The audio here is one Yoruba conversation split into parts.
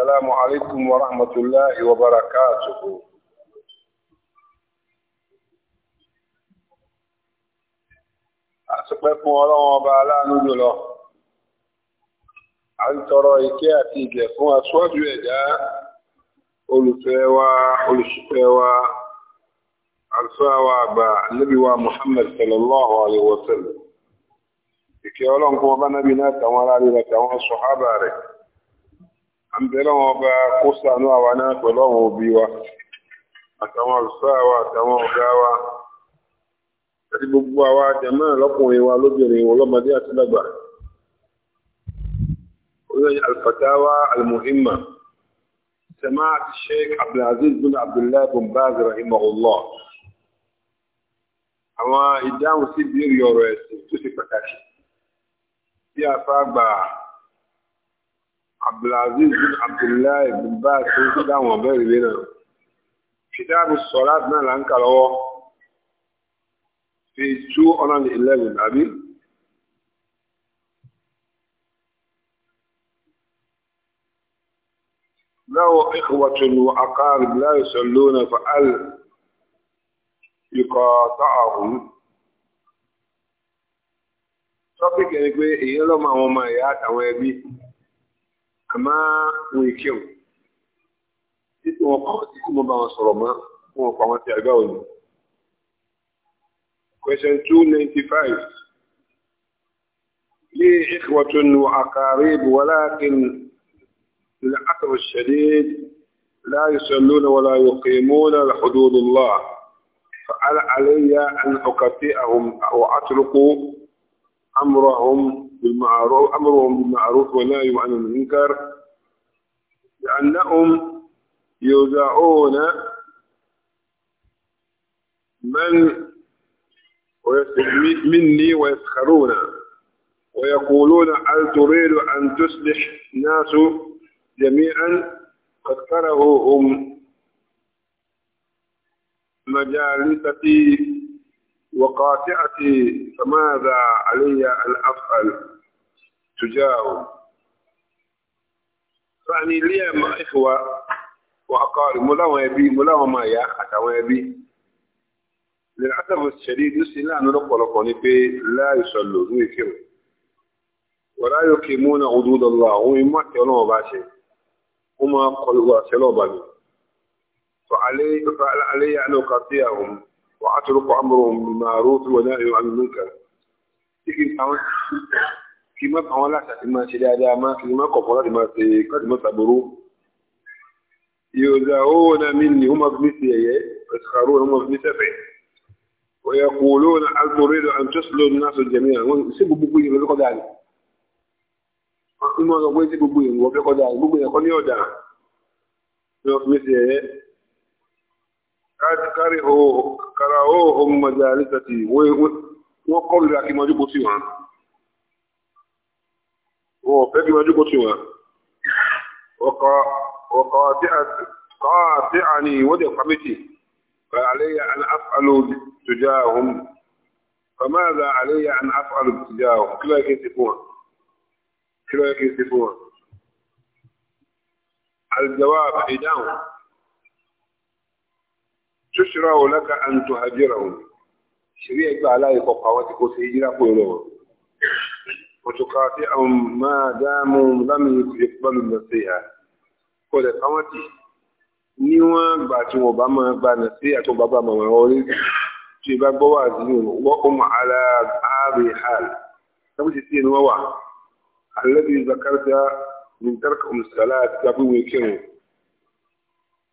السلام عليكم ورحمة الله وبركاته àṣepẹ́ fún ọlọ́wọ́n ọba aláàánú jùlọ a ń tọrọ ìkẹ́ àti ìgẹ̀ fún aṣọ́jú ẹ̀dá olùfẹ́ wa olùṣìfẹ́ wa alfáwa àgbà níbi wa Muhammad sallallahu alaihi wasallam ìkẹ́ ọlọ́nkún ọba nábi náà tàwọn aráàlú rẹ̀ tàwọn sọ̀hábà rẹ̀ àbẹ̀rẹ̀ wọn bá kó sànú àwa náà pẹ̀lú àwọn òbí wa àtàwọn àlùfáà wa àtàwọn ọ̀gá wa àti gbogbo àwa jẹ̀mọ́ lọ́kùnrin wa lóbìnrin wọn lọ́mọdé àti lágbà الشيخ عبد بن عبد بن باز رحمه الله àwọn ìdáhùn sí ìbéèrè ọ̀rọ̀ ẹ̀sìn tó ṣe pàtàkì tí a fa gbà abdulaziz bin abdullahi bin baz tó ń dáwọn ọ̀bẹ́ ìrìlé náà kìtàbù sọ̀láàtì náà là ń kà lọ́wọ́ page two وأقارب لا يصلون فأل يقاطعهم topic ẹni pé èyí lọ́mọ àwọn ọmọ ìyá àtàwọn ẹbí àmọ́ wọn è kéwù títí wọn kọ́ tí kò mọ bá wọn sọ̀rọ̀ mọ́ fún wọn pa wọn ti àgbà òní. question two ninety five lé ìkọ̀tún nù àkàrí wàlákin للأثر الشديد لا يصلون ولا يقيمون حدود الله فعل علي أن أقطعهم أو أمرهم بالمعروف أمرهم بالمعروف ونهيهم عن المنكر لأنهم يدعون من مني ويسخرون ويقولون هل تريد أن تصلح الناس جميعا قد كرهوا هم مجالستي وقاطعتي فماذا علي أن أفعل تجاهه فأني لي مع إخوة وأقارب ملاوى يبي ملاوى ما يا أتوى يبي للأسف الشديد نسي لا نلقى لقوني في لا يصلوا ويكيروا ولا يقيمون حدود الله وما كانوا باشي وما قلوا سلوبا فعلي فعلي أن أقاطعهم وأترك أمرهم بالمعروف ونهي عن المنكر تيجي kì í má àwọn aláṣà ti máa ṣe dáadáa máa kì í má kọ̀ọ̀kan láti máa ṣe káàdì má ṣàbòrò yòòdà owó náà mi ni wọ́n máa fi mí ṣe ẹ̀yẹ ẹ̀sìkàrò wọ́n máa fi mí ṣẹ̀fẹ̀ ọ̀yà kò lówó náà alùpùpù rẹ̀ àǹtọ́sílò náà sọ jẹ̀mí àwọn ṣé gbogbo yìí lọ́fẹ́ kọ́dà ni wọ́n máa sọ pé ṣé gbogbo yìí lọ́fẹ́ kọ́dà ni gbogbo yẹn kọ́ ní ọ̀dà ni wọ́n fi mí ṣe ẹ̀yẹ karahóhùn majalisati wọ́n kọ́lùra kí mọ́júkó sí wọn wọ́n fẹ́ kí mọ́júkó sí wọn ọkọ̀ tí a ní wọ́n dẹ̀ kwamiti فعلي أن أفعل تجاههم فماذا علي أن أفعل تجاههم كلا يكسفون كلا يكسفون الجواب ṣíṣíra ò lẹ́ka àǹtò àjẹrà ò ṣeré ẹgbẹ́ aláìkọ̀ pàwọ́ ti kó sí yíra kó lọ. Òtùkà tí àwọn máa dáàmú lámì ìpìlẹ̀ pẹ̀lú nàṣẹ́yà kó lẹ̀ pàwọ́ tì. Níwọ̀n gbà tí wọ́n bá máa gba nàṣẹ́yà tó bá bá màmá orí tí bá gbọ́ wà sí wọ́n kó mọ̀ aláàbì hàl. Sábà ti tiẹ̀ ni wọ́n wà. Àlẹ́ zakarta ní tẹ́rẹ̀kọ̀ mùsàlá àti tàbí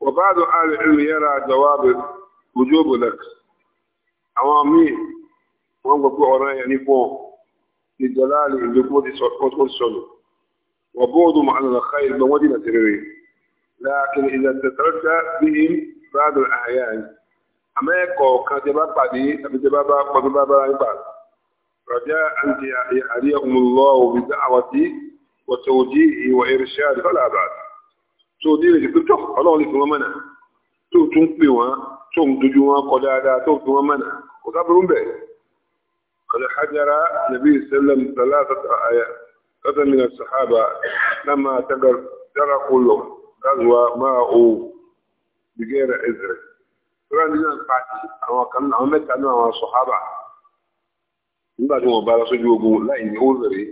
وبعض أهل العلم يرى جواب وجوب لك أوامي وأنا بقول أنا يعني فوق لجلال الجبود والسنة وبعض معنى الخير بمدينة تريري لكن إذا تترك بهم بعض الأحيان أما يقول كان جباب بعدي أبي جباب قد باب العباد رجاء أن يعليهم الله بدعوتي وتوجيهي وإرشاد فلا بعد tó ní ìrètí pé tọ́ ọlọ́run lè fi wọ́n mọ̀nà tó tún pè wọ́n tó ń dojú wọn kọ dáadáa tó fi wọ́n mọ̀nà kò sábúrú ń bẹ̀. ọ̀lẹ́ hajara nàbí sẹ́lẹ̀m tàlá tọ́tà mìíràn sàhábà lámà tẹ́gàrà kó lọ lázuwa máa o bìgẹ́rẹ̀ ẹ̀zẹ̀rẹ̀. ìrọ̀ nínú pàtì àwọn kan àwọn mẹ́ta náà àwọn sàhábà nígbà tí wọ́n bá lọ sójú ogun láì ní ó zèrè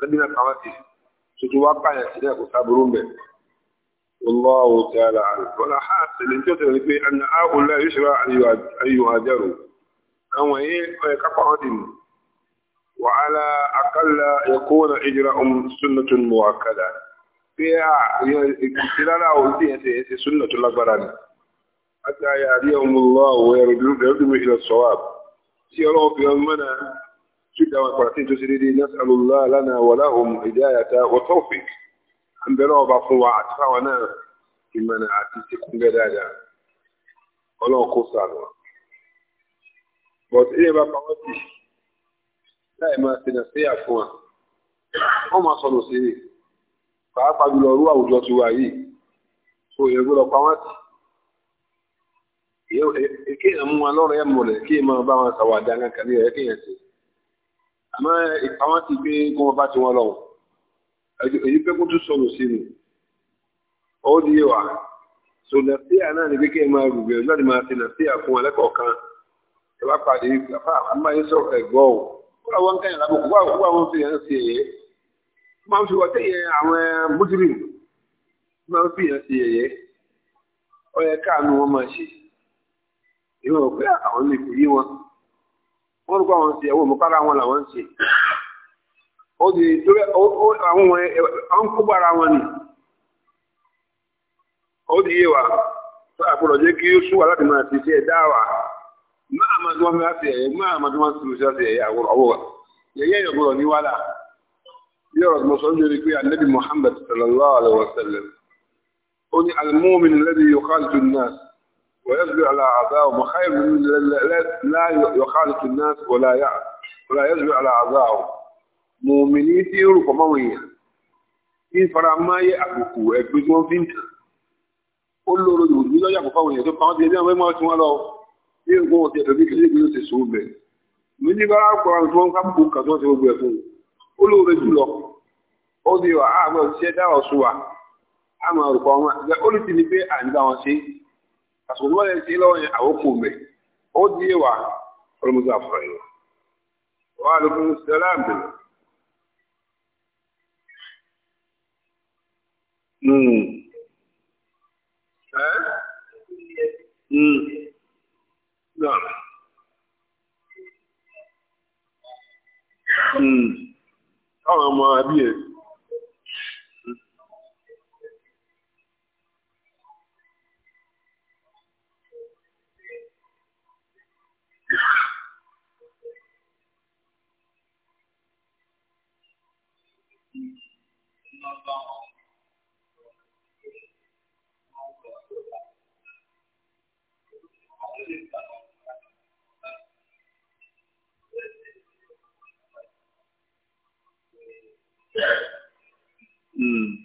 lẹ́bí náà kàwá tuntun wá pààyàn sí kò sábúrú ń والله تعالى عنه ولا حاصل ان تدري في ان هؤلاء يشرع ان يهاجروا او كفرهم وعلى اقل يكون اجرهم سنه مؤكده فيها استلالا ولدي سنه الاغبران حتى يهديهم الله ويردهم الى الصواب سيروا في يومنا شده وقرتين تسريدي نسال الله لنا ولهم هدايه وتوفيق ń bẹ̀rẹ̀ ọba fún wa àti fáwọn náà ìmọ̀nà àti ìsìnkúngẹ́ dáadáa ọlọ́run kó sànù wa. but ilé bá pamọ́ sí láì máa tẹ̀nà síyà fún wa wọ́n máa sọnù sí i pàápàá jùlọ irú àwùjọ ti wà yìí tó yẹ gbọ́dọ̀ pamọ́ sí èké yẹn mú wa lọ́rọ̀ yẹn mọ̀lẹ̀ kí yẹn máa bá wọn sàwádà kankan ní kí yẹn ṣe àmọ́ ìpamọ́ sí pé kí bá ti wọn lọ́wọ́ èyí pé kó tún sọ̀rọ̀ sí ni ó di yé wa so nàṣíà náà ni kékeré máa rù bẹ̀rù láti máa ṣe nàṣíà fún ẹlẹ́kọ̀ọ́ kan ẹ bá pàdé àfa àmáyé sọ̀rọ̀ ẹ̀gbọ́ o kó àwọn kan yàrá bùkún wà wọ́n àwọn fi hàn sí ẹ̀yẹ máa ń fi wọ́n tẹ̀yẹ àwọn mùsùlùmí máa ń fi hàn sí ẹ̀yẹ ó yẹ káàánú wọn máa ṣe ìwọ̀n pé àwọn nìkú yí wọn wọ́n rúkọ àwọn ṣe ẹ̀wọ̀n mọ́kànlá wọn làwọn ń ṣe ó di torí àwọn wọn àwọn kó bára wọn ni ó di yé wa àpòlọ̀ jẹ́ kí ó súwà láti máa ti ṣe ẹ̀dá wa máa máa tí wọ́n fi láti ẹ̀yẹ máa máa tí wọ́n ti ṣe láti ẹ̀yẹ àwọn ọwọ́ wa yẹ̀yẹ́ ìyọ̀gbọ̀rọ̀ ní wàhálà bí ọ̀rọ̀ mo sọ ń lórí pé anabi Muhammad sallallahu alaihi wa sallam ó ní al-mu'min alladhi yukhalitu an-nas ويصبر على عذابهم خير من لا يخالط الناس ولا يصبر على عذابهم mòmìnì tí ń rò fọmọ èèyàn tí ń fara máyé àbùkù ẹgbẹ́ tí wọ́n fi ń tàn ó lóró ìwòsàn nílọ́yà àbùkù àwọn èèyàn tó pa wọ́n ti ẹbí àwọn ẹgbẹ́ tí wọ́n lọ ní nǹkan ọ̀sẹ̀ ẹ̀tọ́ bí kìlẹ̀ ìgbésẹ̀ ti sùn bẹ̀ mi ní bára kọ́ àwọn tí wọ́n ká bùkù kà tí wọ́n ti gbogbo ẹ̀ fún ó lóró jùlọ ó di wà á ah, gbọ́ ṣiṣẹ́ dá ọ̀ṣun wa á máa rò pa wọn ó lè ti ní pé à wọn ṣe àsùkò wọ́n lè Mm. Eh? Mm. No. Thank you. Mm.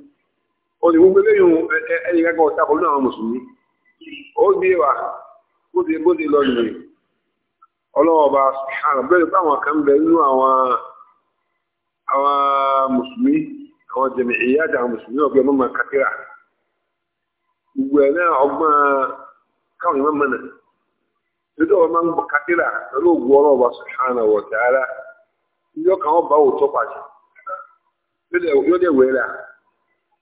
onye gbogbo eléyìí ẹni gẹ́gẹ́ ọ̀tá pẹ̀lú àwọn mùsùlùmí ó di wà bó ti bó ti lọ nìyí ọlọ́wọ́ bá sùhánà bẹ́ẹ̀ pé àwọn kan bẹ nínú àwọn musulmi mùsùlùmí àwọn jẹ̀mẹ̀ ìyá àti àwọn mùsùlùmí ọ̀gbẹ́ mọ́mọ́ kátírà gbogbo ẹ̀ náà ọgbọ́n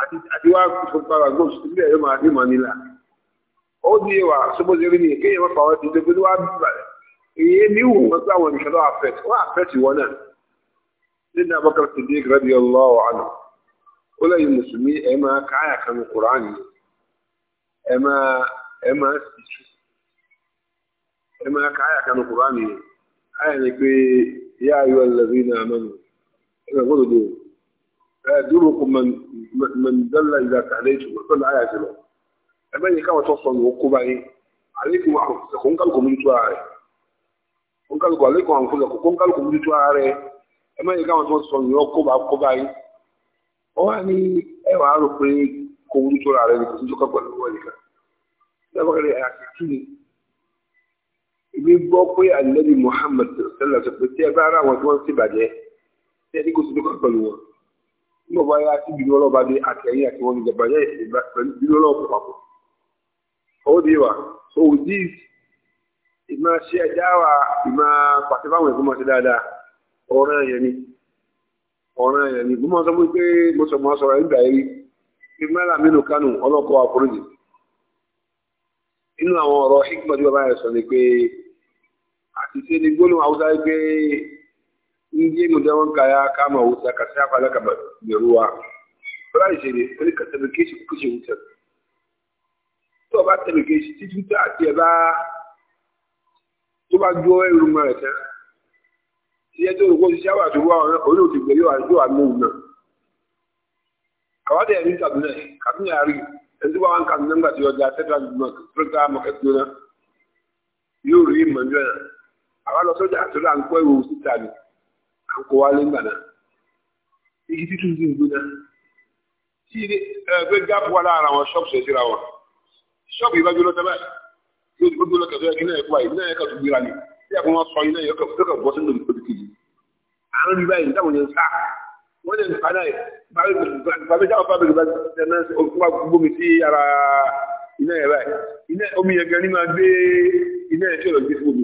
àti àti wá fúnpára gbọ́n sílẹ̀ yóò máa dé manila ó di wa sọ́bọ́sẹ̀ rí ni kéèyàn máa pàwọ́ ti dégbé wá bíbà rẹ̀ èyí ní ìwò wọn pé àwọn ìṣẹ̀lẹ̀ àfẹ́t wọ́n àfẹ́t ìwọ náà nínú abọ́kar ti dé gírẹ́bì ọlọ́wọ́ àná ó lẹ́yìn mùsùlùmí ẹ máa káyà kan kùránì ẹ máa ẹ máa sì tù ẹ máa káyà kan kùránì káyà pé yá ayọ́ ẹlẹ́rìí náà mọ́nu ẹ máa gbọ́dọ̀ ẹ̀ẹ́dúrókù mẹ́ndẹ́lá ìgbà tààrẹ́ ìṣòro tó láyà sí lọ ẹgbẹ́ yìí káwọn tó sọnù okó báyìí àlékún àkókò ń kálukú múlítú ààrẹ ń kálukú àlékún àkókò ń kálukú múlítú ààrẹ ẹgbẹ́ yìí káwọn tó sọnù okó bá kó báyìí wọ́n wá ní ẹwà á rò pé kó múlítú ààrẹ ní kò sí tó kọ́ pẹ̀lú wọ́n ni eh, ibi gbọ́ pé alẹ́bí Muhammad sẹ́lẹ̀ sọ pé tí ẹ bá ara wọn tí wọ́n ti bàjẹ́ tí ẹ ní kò sí tó kọ́ pẹ̀lú wọn ní ọba yá sí bìnú ọlọ́ba dé àtẹ̀yìn àti wọn ìjọba yá ìṣèlú pẹ̀lú bìnú ọlọ́ọ̀pọ̀ papọ̀. ọwọ́ di wa so with this ìmọ̀ ṣe ẹja wa ìmọ̀ pàṣẹ fáwọn ẹ̀kọ́ ṣe dáadáa ọ̀ràn yẹn ni ọ̀ràn yẹn ni mo máa sọ fún pé mo sọ máa sọ̀rọ̀ nígbà yẹn pé mẹ́la mélòó kánú ọlọ́kọ̀ àforíjì inú àwọn ọ̀rọ̀ hikmat bàbá yẹn sọ ni pé àtìsẹ́ ni gbólóhùn haúsá pé in gemu da wanka ya kama wuta ka shafa laka mai ruwa fara shi ne wani ka tabbake shi ku kashe wutar tó bá tabbake shi títí wuta àti ẹ̀bá tó bá jó ẹrù mọ́ ẹ̀tẹ́ tí ẹ tó rògbò ṣiṣẹ́ wà tó wà ọ̀rẹ́ orí òkè gbèrè wà tó wà lóhùn náà àwádìí ẹ̀mí kàbínẹ̀ kàbínẹ̀ àárín ẹni tó bá wà ń kàbínẹ̀ ńgbà tí ọjà central bank pírẹ́tà mọ̀kẹ́tì náà yóò rí ìmọ̀ níjọ́ náà àwọn lọ sọ́jà à ń kó wálé ńgbà náà igi títún sí ìgbóná tí ẹgbẹ́ gáàpù wà lára àwọn ṣọ́ọ̀bù ṣẹ̀ síra wọn ṣọ́ọ̀bù yìí bá gbóná tẹ́lẹ̀ yóò dúró gbóná tẹ́lẹ̀ kí náà ẹ̀kọ́ àyè náà ẹ̀kọ́ tó gbéra ni tí àpò wọn sọ iná yọkọ̀ bọ́ sínú ìgbòdì kejì àwọn rí báyìí táwọn yẹn sá wọ́n lè nípa náà bàbá jáwọ́ bàbá bàbá tẹ̀lé ọkùnrin gbogbo mi sí ara iná yẹn báyìí omi yẹn gan ni máa gbé iná yẹn tí ò lọ gbé fún mi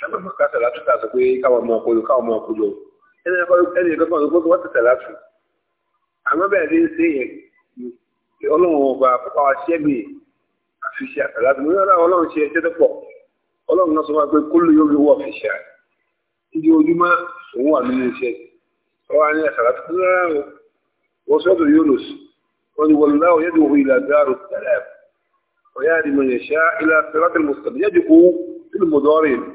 ṣáná bùkátà látún tà sọ pé káwọn ọmọ ọkọ lò káwọn ọmọ ọkọ lò ẹni ẹ̀kọ́ ọ̀rọ̀ gbogbo wọ́n ti tẹ̀ látún àmọ́ bẹ́ẹ̀ ní ṣe yẹn ọlọ́run ọba pàpà wa ṣẹ́gbì àfi ṣe àtàlátún mo yára ọlọ́run ṣe ẹjẹ́ tó pọ̀ ọlọ́run náà sọ wá pé kólú yóò fi wọ́ fi ìdí ojúmọ́ òun wà nínú iṣẹ́ ọwọ́ ní àtàlátún rárá o wọ́n sọ́dọ̀ yóò lò wọ́n ni wọ́n láwọ̀ yẹ́dùn òun ìlà dáàrò tẹ̀lẹ́ ويهدي من يشاء إلى صراط المستقيم يدعو في المضارع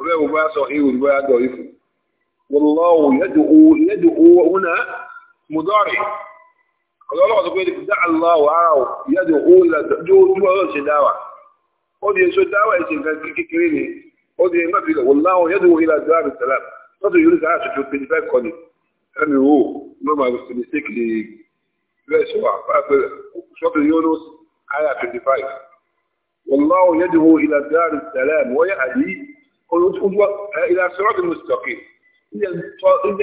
ọbẹ̀ wo bá sọ ihò ìgbà àdọ̀ ifò wọlọ́wọ́ yẹ́dùkú húnà mùdọ́rì ọlọ́wọ́ sọ pé dá aláwọ̀ ara ò yẹ́dùkú lójú ọlọ́ ṣe dáwà ó di èso dáwà ẹ̀ṣẹ̀ nǹkan kékeré ni ó di ẹgbẹ́ fi wọláwọ̀ yẹ́dùkú ilà dáàbì sẹ́lá lọ́dọ̀ yorùbá àṣìṣe pé nípa ẹ̀kọ́ ni ẹni wo ló máa ṣe mistake lè bẹ́ẹ̀ sọ àpapẹ̀ sọ́tò yónús ayà 25 wọláwọ̀ yẹ́dùkú ilà dáàbì sẹ́lá wọ́yẹ́ àdìyí ìlà sọ̀rọ̀ bí mo sì tọ̀kì ilẹ̀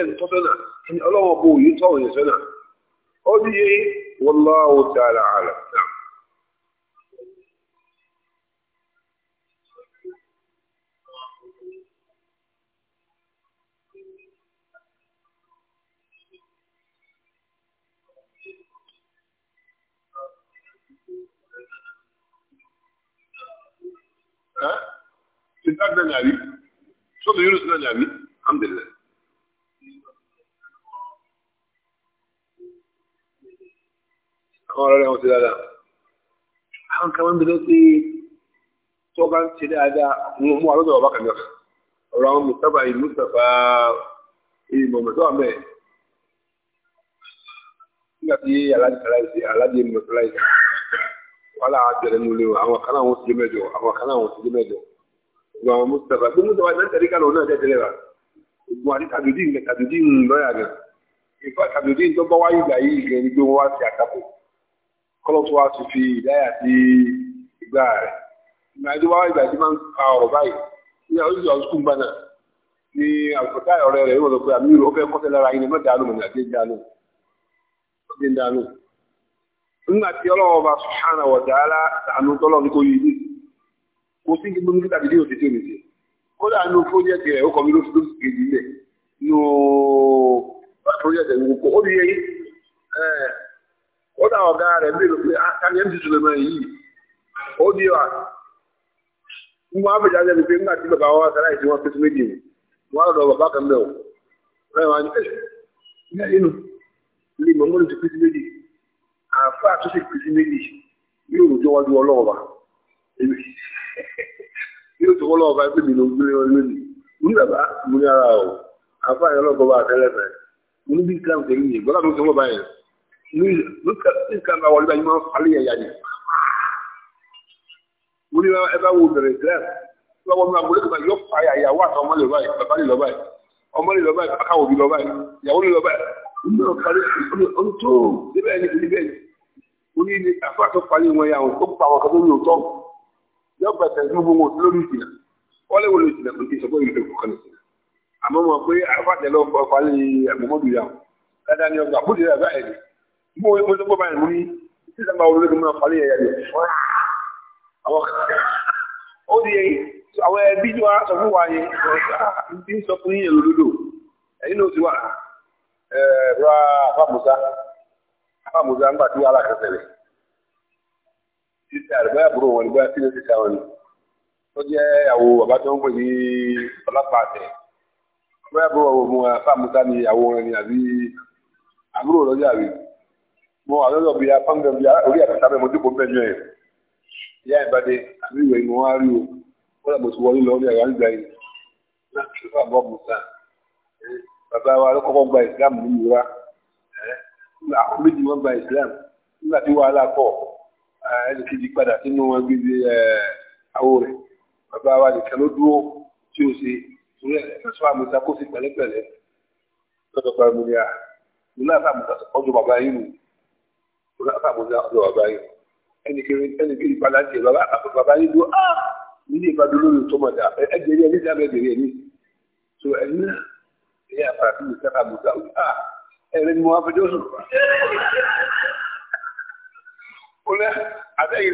ń tọ́ sọ́nà ẹni ọlọ́wọ́ bò yìí tọ́ òye sọ́nà ó ní yé wọ́n lọ́wọ́ tààrà àlọ́ náà. Sitat náà nàbí. Sọ́mọ Yunus náà nàbí. Alhamdulilayi. Àwọn ọ̀rọ̀ rẹ̀ wọ́n ti dáadáa. Àwọn kan máa ń bẹ̀rẹ̀ pé tó bá ń ṣe dáadáa mo mú àlọ́dọ̀ bàbá kan náà. Ọ̀rọ̀ àwọn Mùsàfà yìí Mùsàfà ìmọ̀mọ̀ tó wà mẹ́ẹ̀. Nígbà tí aláàjì mọ̀tàlá yìí wàhálà àbẹ̀rẹ̀ nílé o àwọn kan náà wọ́n ti dé mẹ́jọ àwọn kan náà wọ́n ti dé mẹ́jọ. gbogbo àwọn mustapha gbogbo mustapha náà tẹ̀lé kálọ̀ náà tẹ̀lé rà gbogbo àti tàdùdín tàdùdín lọ́yà gan ìfọ̀ tó bọ́ wáyé yìí wọ́n wá sí àkàbọ̀ kọ́lọ́ tó wá sí fi ìdáyà sí ìgbà rẹ̀ tí máa ń ọ̀rọ̀ báyìí ní àwọn sukùn ní ọ̀rẹ́ rẹ̀ yóò lọ pé àmì ìrọ̀ fẹ́ lára yìí kò sí gbogbo ní tàbí ní òtítí òmìnira kódà nínú pọ́jẹ́tì rẹ̀ ó kọ̀ mí ló fi lóṣù kejì lẹ̀ nínú uh, pọ́jẹ́tì rẹ̀ kò ó yẹ kódà ọ̀gá rẹ̀ bí ló pé akányẹ́ ń tutù lọ́mọ yìí ó di wa ń wọ́n abẹ́jà lẹ́nu pé ńgbà tí bàbá wa sára ìdí wọn pẹ́tù méjì wọn lọ́dọ̀ bàbá kan bẹ̀ ọ́ rẹ̀ wá ní ẹ̀ eh, nínú ilé ìmọ̀mọ́ ló ti pẹ́tù yóò tó wọ́n lọ́wọ́ bá pè mí ló gbélé wọn lónìí ní bàbá mo ní ara o àfáà yẹn lọ́kọ̀ bá tẹ́lẹ̀ fẹ́ mo ní bí islam ṣe ń yè gbọ́dọ̀ tó ń sọ́wọ́ báyẹn ní islam bá wọlé báyìí máa ń falẹ̀ yẹ̀yà ni mo ní ẹ bá wo bẹ̀rẹ̀ islam tí wọ́n wọ́n máa gbọ́dọ̀ tó bá yọ fa ìyàwó àtàwọn ọmọ lè lọ báyìí bàbá lè lọ báyìí ọmọ lè lọ báyìí akáwọ̀ bí lọ báyìí ìyàwó lè lọ báyìí wọn yà wọn yóò gba tẹ̀síwọ́n gbogbo òtún lórí ìsìnà wọ́n lè wọlé ìsìnà pé kí n sọ pé ìlú kọ̀ọ̀kan ìsìnà àmọ́ mọ̀ pé àfàtẹ́ lọ fọ falẹ̀ àgbọ̀mọ́dù yà dáadáa ni ọgbà bóde àgbà ẹ̀ mo mo tó gbọ́ báyìí mo ní sísè máa wọlé kí n máa falẹ̀ yẹ̀yẹ̀ yẹ̀ àwọn ó di àwọn ẹbí tí wàá sọ fún wa yẹn ti ń sọ fún yín lódodo ẹ̀yin náà ti wà ẹ̀ẹ́dọ́ra àfàmùsá àfàmùsá ń gbàdúrà alákẹ́sẹ̀ rẹ̀ títí àrùbá àbúrò wọn nígbà tí ó ti ta wọn ni ó jẹ́ àwo bàbá tó ń pè ní ọlọ́pàá àtẹ àbúrò àbúrò wọn mu afáàmúta ni àwo wọn ni àbí àbúrò lọ́jọ́ àbí mo àlọ́lọ́ bíi apáǹgà bíi orí àtàtà bẹ́ẹ̀ mo dúpọ̀ bẹ́ẹ̀ yẹn ìyá ìbàdí àbí ìwé ni o wọ́n làbò sí wọlé lọ́wọ́ ní àyà ń gba yìí láti fún àbọ̀ mùsà bàbá wa ló kọ́kọ́ gba ìsìlámù nínú wa àwọn méjì wọ́n gba ìsìlámù nígbà tí wàhálà pọ̀ ẹni kejì padà sínú agbègbè àwọ̀ rẹ̀ bàbá wa nìkan ló dúró tí ó ṣe torí ẹ̀ fẹ́sọ́ àmúta kó sì pẹ̀lẹ́pẹ̀lẹ́ lọ́dọ̀ pa mi ní à mo náà fà àmúta ọjọ́ bàbá yìí nù mo náà fà àmúta ọjọ́ bàbá yìí nù ẹnì kejì padà jẹ bàbá yìí dúró á ah! nílé ìbádọ́ lórí tó mọ̀ dá ah! ẹgbẹ̀rẹ̀ ẹni dábẹ̀ ẹgbẹ̀rẹ̀ ẹni so ẹni náà ẹ̀yà àfàràfin nìkan àmúta ọjọ́ à ẹ̀rẹ́ ni mo wá fẹjọ́ sọ̀rọ̀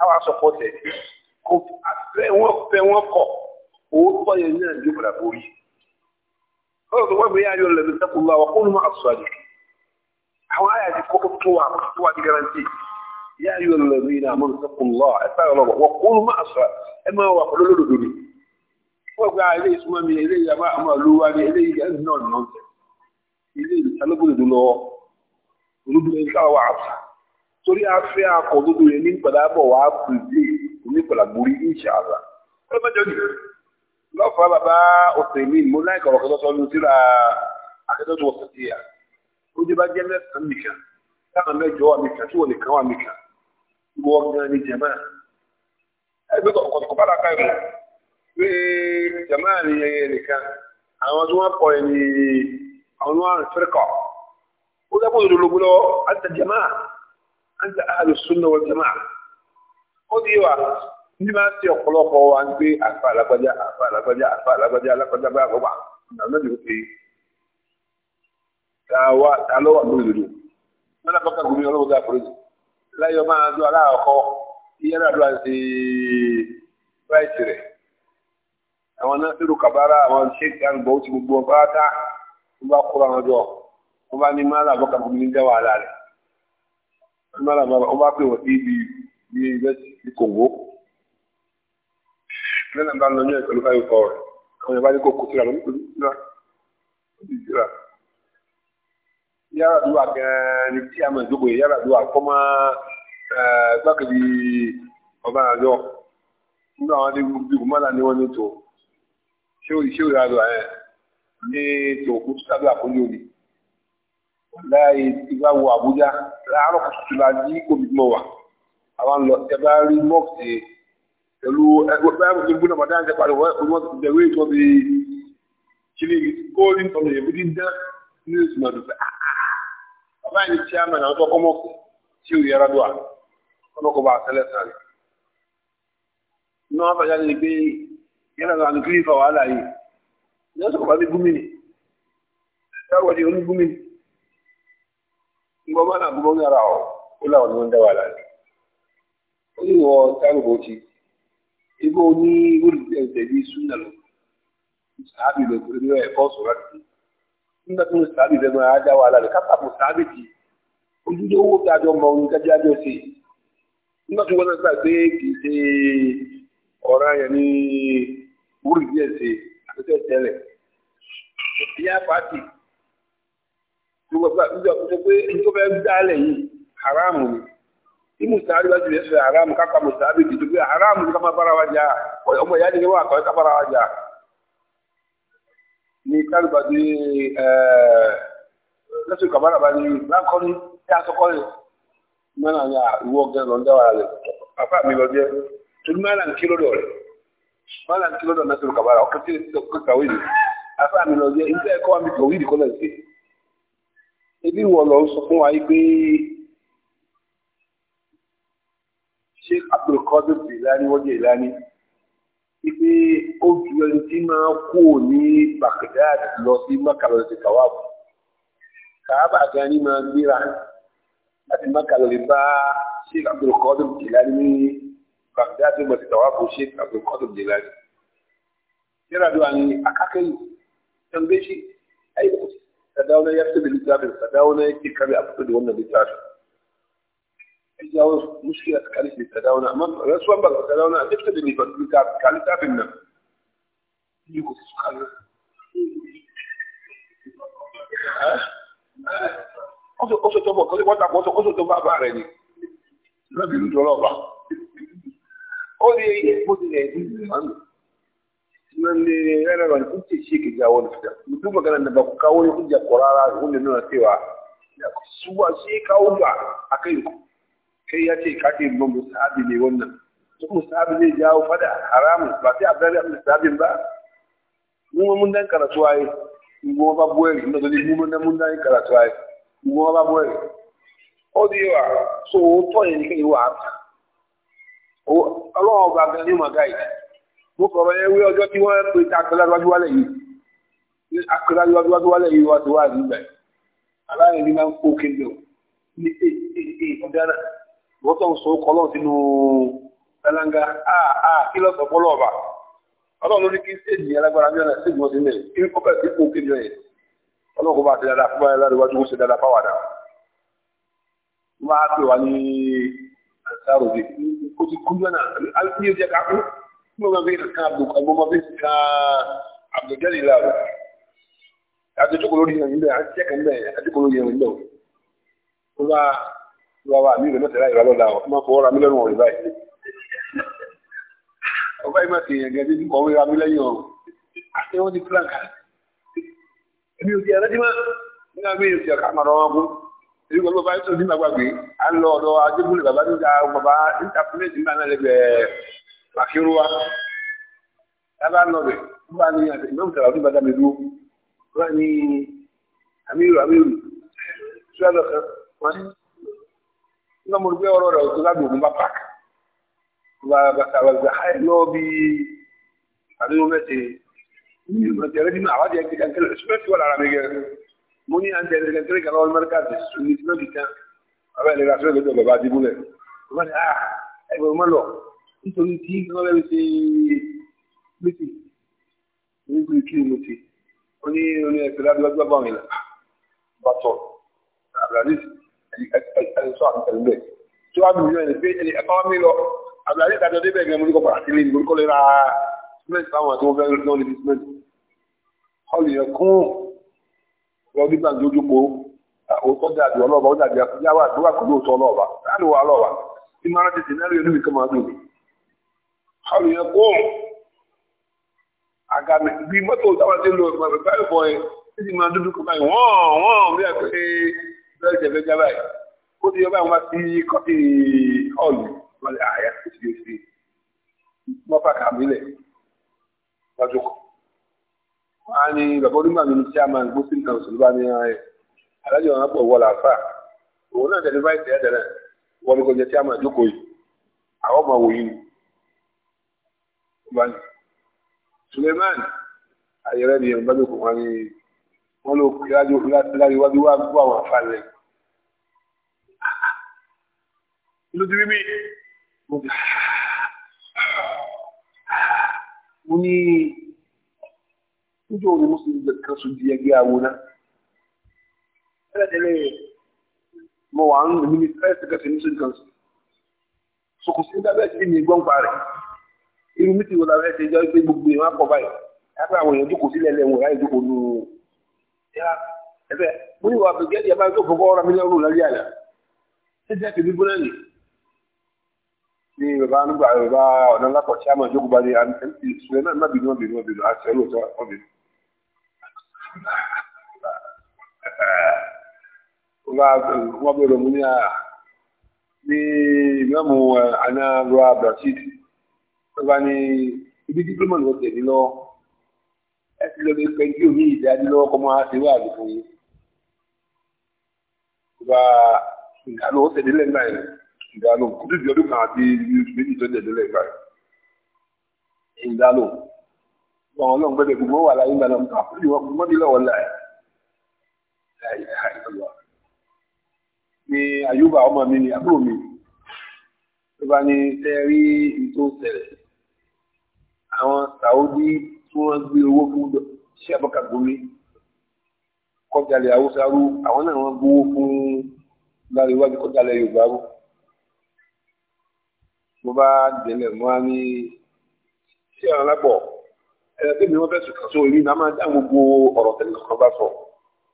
káwa sọpọ̀ tẹ̀ kó fẹ́ wọ́n fẹ́ wọ́n kọ̀ òótọ́ yẹn náà yóò padà borí. Báwo ni wọ́n gbé yára yóò lẹ́nu sẹ́kù lọ́wọ́ kó ló máa sọ àdé. Àwọn àyà ti kókó tó wà tó wà ní garanti. Yára yóò lẹ́nu yìí náà mọ̀n sẹ́kù lọ́ ẹ̀fẹ́ ọlọ́wọ́ wọ́n kó ló máa sọ ẹ máa wà pẹ̀lú olódodo ni. Wọ́n gba ilé ìsúnmọ́ mi, ilé ìyàmá àmọ́ olúwa ni, ilé ìyàmá náà nọ́ọ̀tẹ̀. Ilé ìtàlóbòdodo torí afẹ́ akọ̀dodo yẹn ní ìpàdà bọ̀ wá pèsè onípàdà borí ìṣàlá ọlọ́mọdé ọdún lọ́fà bàbá ọ̀sẹ̀ mi mo láì kọ̀rọ̀ kọ́tọ́ sọ́nu síra akẹ́tọ́ tó ọ̀sẹ̀ sí ya ó dé bá jẹ́ mẹ́sàn-án nìkan táwọn mẹ́jọ wà nìkan tí wọ́n nìkan wà nìkan gbogbo ọ̀gá ni jẹ̀má ẹgbẹ́ kọ̀kọ̀kọ̀ bá dàka ìmọ̀ pé jẹ̀má ni ẹyẹ nìkan àwọn tí wọ́n pọ̀ ẹ̀ ni àwọn tí wọ́n fẹ́rẹ̀ kọ̀ ó dẹ́kun ìdòdò lọ́wọ́ àti jẹ̀má anta ahlu sunna wal jamaa ó di wa ní máa ń ti ọ̀pọ̀lọpọ̀ wa ń gbé àfa alágbájá àfa alágbájá àfa alágbájá alágbájá bá àgbà wà nàánú ìlú pé tàwa ta ló wà lórí ìlú wọn náà bọ́kà gómìnà ọlọ́wọ́ sáà fúrẹ́sì láyọ̀ máa dún aláàkọ́ iye náà dún àti ráìtì rẹ̀ àwọn náà sẹ́rù kàbára àwọn ṣéèkì àgbọ̀ ó ti gbogbo mara mara wọ́n bá pè wọ́n sí ibi ní yunifásitì kòwó lẹ́nà bá lọ ní ẹ̀kọ́ ló fáyọ̀ kọ́ rẹ̀ àwọn yẹn bá ní kó kó síra lọ́mọ́ pẹ̀lú síra ó sì síra yàrá àdúrà gan-an tí a mọ̀ ìjókòó yàrá àdúrà kọ́ mọ́ gbàgede ọba àjọ nínú àwọn adé gbogbo mọ́lá ni wọ́n ní tó ṣé òyìnbó yàrá àdúrà yẹn ní tó kó síra ní òní láàyè ìgbà wo àbújá láàárọ̀ kùtùkùtù la ní covid mọ̀ wá àwọn lọ ẹgbẹ́ rí mọ́ọ̀sì pẹ̀lú ẹgbẹ́ báyìí ní gbọ́dọ̀ bàdá àti pariwo wọ́n ti bẹ̀rẹ̀ ìtọ́ bí kílí kóòlì tọ́lọ̀ yẹ̀bí ti dán ní oṣù mọ̀dùfẹ́ ah, ah, ah. bàbá yìí chairman àwọn tọkọ mọ́ọ̀sì tí ò yẹra dùn à ọlọ́kọ̀ bá àtẹlẹ sáré ní wọ́n fàjá ní pé yẹ́nà kan àti kílí fa wàhálà yìí ní wọ́n sọ̀rọ̀ bá ní gómìnà ìwọ bá náà gbogbo nára ọ ó láwọn ni wọ́n dá wà láti ó ní wọ sáàbùkù ti ibo ní olùdẹ̀bí súnà lọ sáàbì lọ pẹ̀lú ẹ̀kọ́ sọ̀rọ̀ àti nígbà tí mo sáàbì bẹ́ẹ̀ máa dá wà láti kápá mo sáàbì ti ojúdé owó dájọ́ mọ ohun kájí ájọ́ sí nígbà tí wọ́n náà gbà pé kì í ṣe ọ̀rọ̀ yẹn níjọ tó pé nítorí fẹ́ dálẹ̀ yìí haramu ni tí mùsàárì bá ti lè sọ haramu kápá mùsàárì ti dùgbé haramu ni ká máa bára wa jà ọmọ ìyá nìyẹn wà kọ́ ká bára wa jà ní kálùbàdì lẹ́sùn kàbára bá ní báńkọ́ ní tí a sọkọ́ rẹ̀ mẹ́rin ní ìwọ gẹ́ lọ ń dá wàrà rẹ̀ pápá mi lọ jẹ́ torí mẹ́rin kí lọ́dọ̀ rẹ̀ mẹ́rin kí lọ́dọ̀ lẹ́sùn kàbára ọkọ̀ tí ó kàwé rẹ̀ pápá ebi wọ̀ lọ sọ fún wa yìí pé Sheikh Abdulkadir Jilani wọ́n jẹ́ Jilani ipe ó ju ẹni tí máa kú ní Baghdad lọ sí Mẹ́kà lọ sí kàwáàbù kàwáàbù àgbà ni máa gbéra láti Mẹ́kà lọ lè bá Sheikh Abdulkadir ní Baghdad lọ sí kàwáàbù Sheikh Abdulkadir Jilani. Yẹ́rọ̀ àdúrà ni akákẹ́yìn, ṣàǹgbẹ́sì, ẹ̀yìn kò sí ka dawo na yarda da littafin ka dawo na yake kare a fito da wannan littafin ya jawo mushkila ta kalli ta dawo na amma rasuwan ba ka dawo a fito da littafin nan yi ku su kalli ó sọ tó bọ̀ kọ́sí wọ́n tàbí ó sọ tó bá bá rẹ̀ ni lọ́bìnrin tó lọ́ba ó ní bó tilẹ̀ sunan ne yana ba kun ce shi ke jawo da fita duk maganar da ba ku kawo ya hujja kwarara wanda nuna cewa su ba shi kawo ba a kai ku kai ya ce kafin ban musahabi ne wannan duk musahabi zai o fada haramun ba sai abdali abin musahabin ba mu mun dan karatu ai mu goma ba boye mu da mu mun dan mun dan karatu ai mu goma ba boye o di wa so to yin kai wa o Allah ba ga ni ma gaida mo kọ̀rọ̀ yẹn wí ọjọ́ tí wọ́n ń pe akọ̀láwájú wálẹ̀ yìí akọ̀láwájú wálẹ̀ yìí wá ti wá nígbà yìí aláìní ní máa ń kó kéde o ní ẹ ẹ ẹ ọ̀dára wọ́n tó ń sọ kọ́lọ́ sínú gbàlángà a a kí ló sọ fọ́lọ́ ọ̀bà ọlọ́run ló ní kí séèjì alágbára bí ọ̀nà séèjì wọn sí mẹ́rin kí kọ́ bẹ̀rẹ̀ sí kó kéde yẹn ọlọ́run kó bá ti dáadáa fún báyọ̀ láríwájú ó ṣe dáadáa fáwàdà wọ́n á pè wá ní àṣà mo máa fi kan àbùkù mo máa fi kan àbùjẹ́lì láàrú àtúntò lórí ìyẹn níbẹ̀ àti ẹ̀kẹ́ níbẹ̀ àtúntò lórí ìyẹn níbẹ̀ ó bá lọ wá mi rẹ̀ mẹ́tẹ̀ẹ̀lá ìrà lọ́la ọ̀ máa fọwọ́ ra mílíọ̀nù ọ̀rẹ́ báyìí ọba yìí máa tèèyàn gẹ́gẹ́ bí kọ̀wé ra mílíọ̀nù ọ̀rọ̀ àti wọ́n ti fúlàǹkà èmi ò ti ẹ̀rẹ́ dímọ̀ nínú àgbẹ̀ yìí ti ọ̀kà máa rọ ọgbọ́n èmi kọ́ bàbá yìí tó ní àkírú wa lábàá lọ bẹ̀ tó bá ní àti ìmọ̀ ìtàlá tó bá dá mi dúró tó bá ní àmírù àmírù tó yà lọ kan wọn ní ọmọ olùgbé ọ̀rọ̀ rẹ̀ tó lágbègbè bá pàk tó bá bàtà bàtà háì lọ bí àdéhùn mẹ́tẹ̀ ní ìrọ̀tẹ̀rẹ́ nínú àwọn àjẹ́ kẹ̀kẹ́ ṣùgbọ́n ti wà lára mi gẹ̀rẹ́ mo ní àjẹ́ kẹ̀kẹ́ kan lọ́wọ́ mẹ́ríkà ti sùn ní ti mẹ́ríkà abẹ́rẹ́ rẹ̀ aṣọ ìgbẹ́jọ bàbá adigun lẹ̀ nítorí tí wọ́n rẹ̀ ṣe mítì nígbà kí ni mo ti ó ní oní ẹ̀fẹ̀ lábẹ́lẹ́gbẹ́ bá wọn ah, bàtọ̀ abdulaziz ẹ̀sọ́ àtẹ̀lẹ́ bẹ́ẹ̀ tí wàá bìbí ẹni pé ẹni ẹ̀fọ́ mi lọ abdulaziz àti ọdẹ bẹ́ẹ̀ gẹ́gẹ́ mọ́tò pàtàkì lé nìkan lè ra cement fáwọn àti wọn fẹ́ lọ́wọ́ níbi cement ọ̀lì yẹn kún lọ bí gbàǹdó dúpọ̀ òótọ́ dàbí ọlọ́ọ̀bà ó dàbí yàwó àdúrà kò ní òótọ́ ọlọ́ọ̀bà láàrin wà ọlọ́ọ̀bà tí mara tètè náà rí olúbi kan máa dùn mí káwọn èèyàn kó òun àgàmì bí mọ́tò táwọn ti lo ìgbà pẹ̀lú báyìí bọ̀ ẹ́ tí ti máa dúdú kọ báyìí wọ́n wọ́n bí ẹ pé bẹ́ẹ̀ jẹ́ fẹ́ jábàá yìí ó ti yọ báyìí wọ́n ti kọ́tì ọ̀lù wọ́n lè àyà tó ti yọ sí wọ́n fà kàmí lẹ̀ wájú kọ́ wọ́n á ní bàbá onímọ̀ àmì tí a máa gbó sí nǹkan òṣèlú bá ní ara ẹ̀ alájọ wọn pọ̀ wọlé àfà òun náà tẹ̀lé a máa jókòó yìí wani Suleiman ayẹrẹ ni ẹ̀rọ bábẹ́ kò wọ́n ní wọ́n ló kíláàjú láti wájú wá bú àwọn àfàlẹ̀ lójú mímí mo ti mo ní níjọ́ ni mo sì kan sùn di ẹgbẹ́ awo náà tẹ́lẹ̀tẹ́lẹ̀ mo wà ń mímí fẹ́ẹ́ sẹ́kẹ̀sẹ̀ ní sùn kan sùn kò sí dábẹ́ sí mi gbọ́n pa rẹ̀ irú mítì wo la fẹ́ ṣe jọ pé gbogbo yẹn wá kọ báyìí lápẹ́ àwọn èèyàn jókòó sílẹ̀ lẹ́wọ̀n láì jókòó lu ẹ̀fẹ̀ mo ní wàá bẹ̀gẹ́ ìyá bá tó fọwọ́ ọ̀rọ̀ mi lọ́rùn lálẹ́ àná ṣé jẹ́ kí bíbó náà nì. ní bàbá nígbà bàbá ọ̀nà lápọ̀ tí a máa jókòó bá ní ìṣúlẹ̀ náà má bínú má bínú má bínú àṣẹ lóòótọ́ má bínú. wọ́n bẹ̀rẹ̀ mú ní ah, eh, àná ní ìgbàmù àná lọ́wọ́ Brazil ọba ní ibi tí gbọmọ lọ tẹ̀lé lọ ẹ ti lọ lè pẹ kí omi ìdájí lọ kọ́ máa ṣe wà lóko yìí ọba ìdáná ó tẹ̀lé lẹ́gbàá yẹn ìdáná kó tó di ọdún kan àti méjì tó tẹ̀lé lẹ́gbàá yẹn ìdáná wọn náà gbẹdẹ gbogbo wà láyé ńlá náà kàkó ìwọ gbogbo mi lọ́wọ́ láyé láyé láyé lọ́wọ́ ni àyùbá ọmọ mi ni àbúrò mi ló bá ní tẹ́ rí ìtò tẹ̀lẹ̀ àwọn Saudi tí wọ́n gbé owó fún ṣé abọ́ka gbomi kọjálẹ̀ haúsá rú àwọn náà wọ́n gbowó fún lára iwájú kọjálẹ̀ Yorùbá rú mo bá délẹ̀ mo á ní ṣé àwọn alápọ̀ ẹ̀rọ tí mi wọ́n fẹ́ sùn kan sórí mi máa dá gbogbo ọ̀rọ̀ tẹ́lẹ̀ kan bá sọ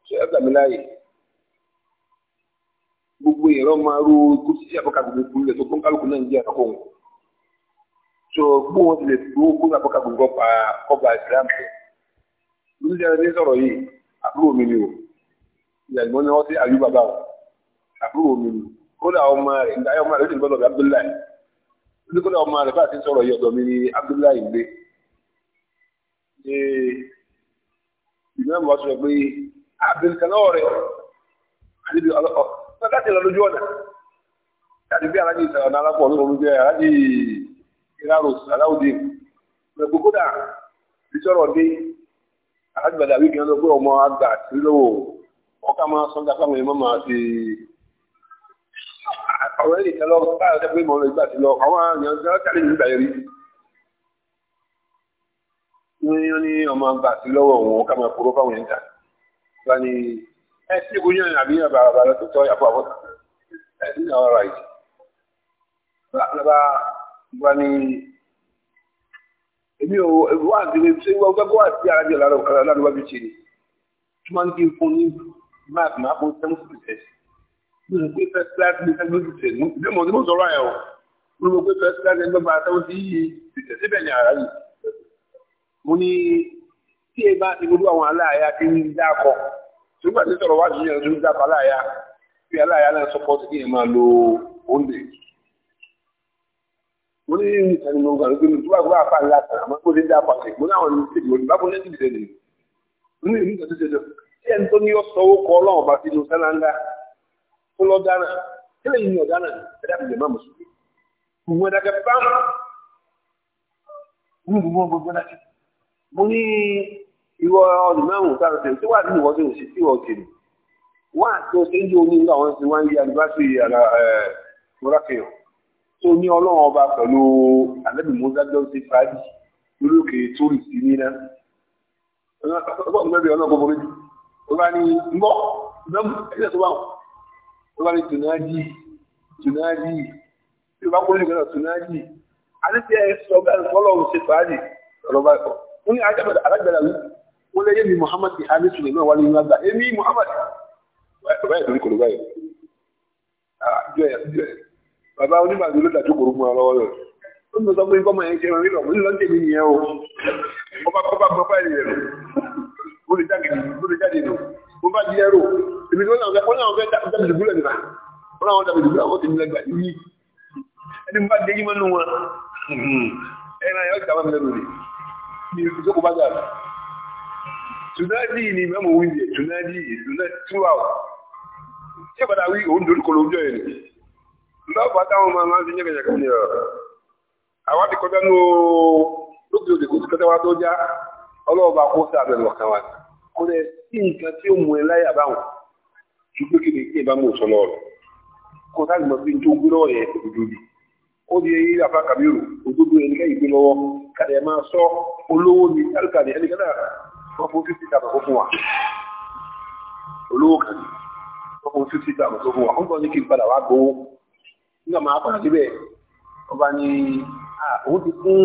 ṣé ẹ̀dá mi láàyè gbogbo ìran máa rú ikú sí abọ́ka gbomi kúrú lẹ̀ tó kó ń kálukú náà ń jẹ́ àkókò wọn so gbó wọn tilẹ̀ gbó gbó náà fọkà gbogbo pa ọba islam tẹ lórí ẹni ní sọ̀rọ̀ yìí àbúrò mi ni o ìyàgbọ́n ni wọ́n ti àyù bàbá o àbúrò mi ni ó dà ọmọ ìgbà ọmọ rẹ̀ ó sì gbọ́dọ̀ bí abdullahi ó ní kó dà ọmọ rẹ̀ bá ti sọ̀rọ̀ yìí ọ̀dọ̀ mi ni abdullahi gbé ìgbà wọn sọ pé abdulkaná ọ̀rẹ́ àdébí ọlọ́kọ̀ láti lọ lójú ọ̀nà àdébí alájí ìsàlọ̀ náà alápọ̀ olóró jẹ́ ìrarò aláwùdí gbogbo kódà ìṣòro dé àgbàdà wíkì náà gbé ọmọ àgbà sí lówó ọkà máa sọ nípa àwọn èèyàn máa ti ọ̀rọ̀ ẹ̀yìn kan lọ báyọ̀ tẹ́ pé mo lọ ìgbà sí lọ àwọn èèyàn tí wọ́n tẹ̀lé nígbà yẹn rí ní ní ọmọ àgbà sí lọ́wọ́ òun ọkà máa kúrò fáwọn èèyàn ta wá ní ẹ sí ìbò yẹn àbí yẹn bàbá lọ tó tọ́ yàtọ̀ àbọ̀tà ẹ sí ìyàwó ara yìí wọ́n ní èmi ò wá àti ní ṣé wọ́n gbẹ́gbọ́ àti ara jẹ́ lára ọ̀kadà láti wá fi ṣe ni tí wọ́n ń dín fún ní máàkì máa fún seventy percent mo rò pé first class ní seventy percent bí mo ti mọ̀ sọ̀rọ̀ àyẹ̀wò mo first class ní gbọ́gbà seventy percent síbẹ̀ ní àrà yìí mo ní tí e bá ti gbogbo àwọn aláàyà ti ń dákọ̀ tí wọ́n ti sọ̀rọ̀ wá sí ìyẹn tó ń dákọ̀ aláàyà bí aláàyà náà sọ́pọ̀ sí kí n máa lo oúnjẹ mo ní ìtàn ìmọ̀ nǹkan lókè mi tó bá gbọ́ àpá ńlá tàn àmọ́ kó lè dá apá sí mo láwọn ní tèmi olùbá kó lè dìbò tẹ̀lé mo ní ìmúta tó ṣe tó tí ẹni tó ní yọ sọ owó kọ ọlọ́run ọba sínú sẹ́láńgá tó lọ dáná kí lè yíyan dáná ẹ̀dá mi lè má mọ̀ sókè gbogbo ẹ̀dá kẹ pam mo gbogbo gbogbo ẹ̀dá kẹ mo ní ìwọ ọdún mẹ́rùn-ún sáà tẹ̀lé tí wàá dín ìwọ́dé òsì tí wọ́n kiri wọ́n àti oṣù tí ó ní ìlú àwọn ti wá ń yí alibásí mọ́rákìyàn tó ní ọlọ́run ọba pẹ̀lú alẹ́bí mọ́sájọ́ ti fàájì lórí òkè tó rì sí níná ọgbọ́n mẹ́rin ọlọ́run gbogbo méjì ó bá ní mbọ́ ẹgbẹ́ tó bá wọn ó bá ní tùnájì tùnájì tí ó bá kúrò nígbà náà tùnájì àdéhùn ẹ sọ bẹ́ẹ̀ ọlọ́run ti fàájì ọlọ́ba ẹ̀kọ́ ó ní alágbèrè àlú ó lé yémi Muhammad hami sùlẹ̀ náà wà ní ìlú àgbà èmi Muhammad báyìí torí kò lè báyìí bàbá onígbàgbé ló dàjú kòrò fún wa lọ́wọ́ rẹ̀ ó ní sọ pé kọ́mọ yẹn ṣe rìn lọ ní lọ́n tèmi nìyẹn o mo bá kọ́ bá gbọ́ fáìlì rẹ̀ mo lè jáde mo lè jáde nù mo bá di ẹrù èmi ni wọ́n náà fẹ́ dábìlì búlẹ̀ nípa wọ́n náà dábìlì búlẹ̀ àwọn tèmi lẹ́gbàá yìí ẹni mo bá dé yín mọ́nú wọn ẹ̀ràn ẹ̀ ọ̀jà wọn lẹ́nu ni ìjókòó bá dà tùnádì ni mẹ́mọ̀ wíńdì tùnádì tùnádì túwà ṣé padà wí òun dorí kọlọ ojú ẹ̀ ni lọ́ọ̀bù àtàwọn ọmọ máa ń fi yẹ̀kẹ̀yẹ̀kẹ̀ ni ọ̀ àwa ti kọjá ní o lókè òdì kò sí kẹta wa tó já ọlọ́ọ̀bù àkó sáàbẹ̀ lọ́kàn wa kò lè sí nǹkan tí ó mú ẹ láyà báwọn ṣùgbọ́n kí ni kí ẹ bá mú sọ lọ́ọ̀rọ̀ kò sáà gbọ́ sí tó gbé lọ́wọ́ yẹn òdodo ó di eyín afa kàbírù òdodo yẹn ní káyìí gbé lọ́wọ́ kàdé máa sọ olówó ni alùkàdé ẹnikẹ́ni wọ́n fún fífi tàbí fún wa olówó kàdé wọ́n fún fífi tàbí fún wa ó ń bọ̀ ní kí padà wá gbowó nígbà máa pàdé síbẹ̀ ọba ní òun ti fún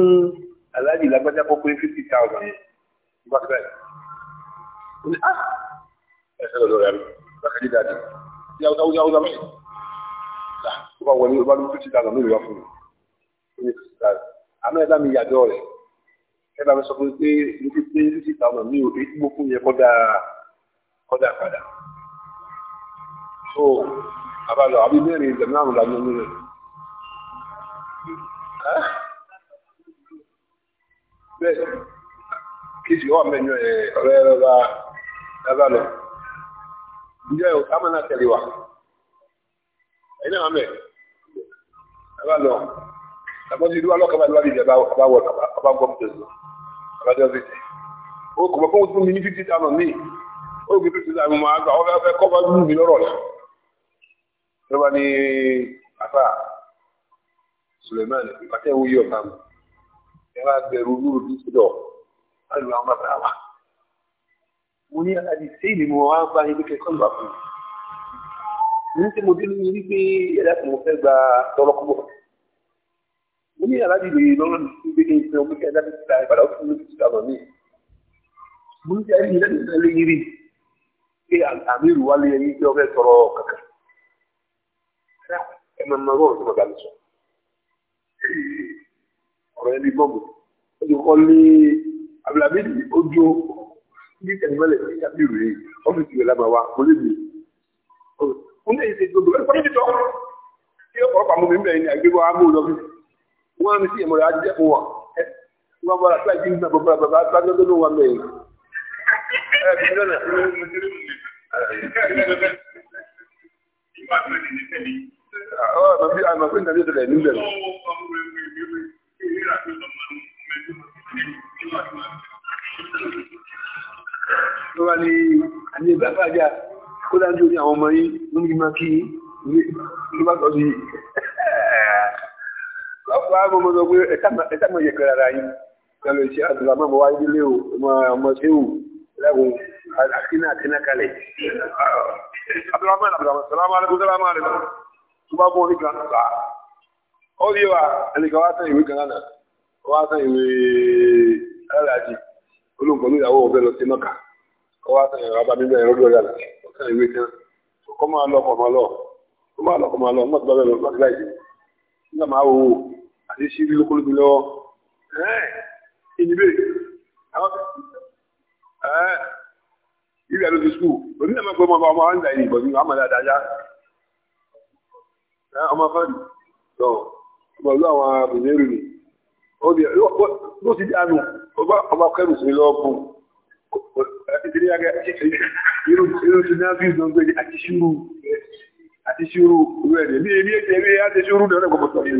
aláàjì lágbájá kó pé fifty thousand yẹn nígbà tó bẹ̀rẹ̀ ó ní ah ẹ̀sẹ̀ lọ́dọ̀ rẹ̀ lákàdé dáadé tí haúsá haúsá haúsá mẹ́rin là ó bá wọlé ó bá ló fifty thousand lórí wa fún mi ó ní fifty thousand àmọ́ ẹ̀ bá mi yàjọ́ rẹ̀ ẹ̀ bá mi sọ pé mo ti pé fifty thousand mi ò èyí mo fún yẹn kọ́ dáa kọ́ dáa padà abalọ àbí bẹ́ẹ̀rẹ̀ ìjẹ̀mí àwọn ìlànà ìlú rẹ̀. bẹ́ẹ̀ kejì wà mẹ́nu ẹ̀ ọ̀rẹ́ ẹ̀rọ bá abalọ. ǹjẹ́ o sáà máa tẹ̀lé wa ẹ̀yin náà mẹ́ abalọ àbọ̀dé ìlú alọ́kàbà ìlú àbíjẹ̀ bá wọ̀ ọba gọ́ọ̀mù tẹ̀sán abájọ́ bíjẹ̀ o kò mọ̀ fún mi ní fífi tààmù mi o gbé fífi tààmù mọ́ àgbà ọ̀fẹ́ kọ́ bá dùn mí lọ́rọ̀ yẹn ló bá ní àfà Suleiman ìpàtẹ́ ìwúyẹ ọ̀gá mi ẹ bá bẹ̀rù olúwo ní sídọ̀ á lù àwọn bàbá wa mo ní àdìsí ìlú mo wá bá yín kékeré kọ́ńtà fún mi ní tí mo dé ní ní pé ẹ̀dá kan mo fẹ́ gba tọ́lọ́kọ́bọ̀ mo ní aláàbí bèrè lọ́wọ́ ní pé kí n fi ọmọ kẹ́kẹ́ láti ta ìpàdé ọ̀tún ní ìtura mọ̀ mí mo ní kí ayé mi lẹ́nu ìtàn lé yín pé àmì ìrù wálé ẹni pé ọ fẹ́ sọ̀rọ̀ kàkà ẹ máa ma rọrùn tó bàbá mi sọ ọ̀rọ̀ ẹni bọ́ọ̀bù ó ti kọ́ lé abdulhamid ojo ní kẹ̀mẹ́lẹ̀ ní kábírù yìí ọ́fíìsì rẹ̀ lábàá wa kò lè mi ó lè ṣe gbogbo ẹ̀kọ́ níbi tọ́ tí ó kọ́ pàmò mi ń bẹ̀rẹ̀ ní àgbébọ̀ amú lọ́fíìsì wọ́n á mi sí ìmọ̀ràn ajẹ́ fún wa wọ́n bá aṣáájú ìgbà bàbá bàbá aṣáájú lọ́dún àmọ́ pé nàbí ìṣẹ̀lẹ̀ nílẹ̀ lọ. ló wá ní àní bàbá àjà kó dájú ní àwọn ọmọ yìí ló ní máa kí ló bá sọ sí lọ́pọ̀ àwọn ọmọ sọ pé ẹ̀ta mọ̀ yẹ̀kẹ́ rárá yìí lọ́lọ́ iṣẹ́ àdúrà máa wáyé nílé o ọmọ ṣéwù lẹ́gùn àkínà àkínà kalẹ̀. abdulrahman abdulrahman salamu alaykum salamu alaykum. tó bá bọ́ oníkan gbà á ó rí wa na wá sẹ́yìn ìwé kan lánàá wá sẹ́yìn ìwé aláàjì olóńgbò ní ìyàwó ọ̀bẹ lọ sí mọ́kà ó wá sẹ́yìn ìwé abámi bẹ́ẹ̀ lọ́dọ̀ rẹ̀ àlàjì ó ọmọ fẹ́ẹ̀lì lọ pẹ̀lú àwọn mìíràn ni obì ló ti dànù ọba kẹrù sí lọ́ọ̀kùn irú ti náà fi ìdán pé àti ṣúrù àti ṣúrù rẹ̀ ní ebi ètè ebi àti ṣúrù náà kò mọ̀tọ́ ní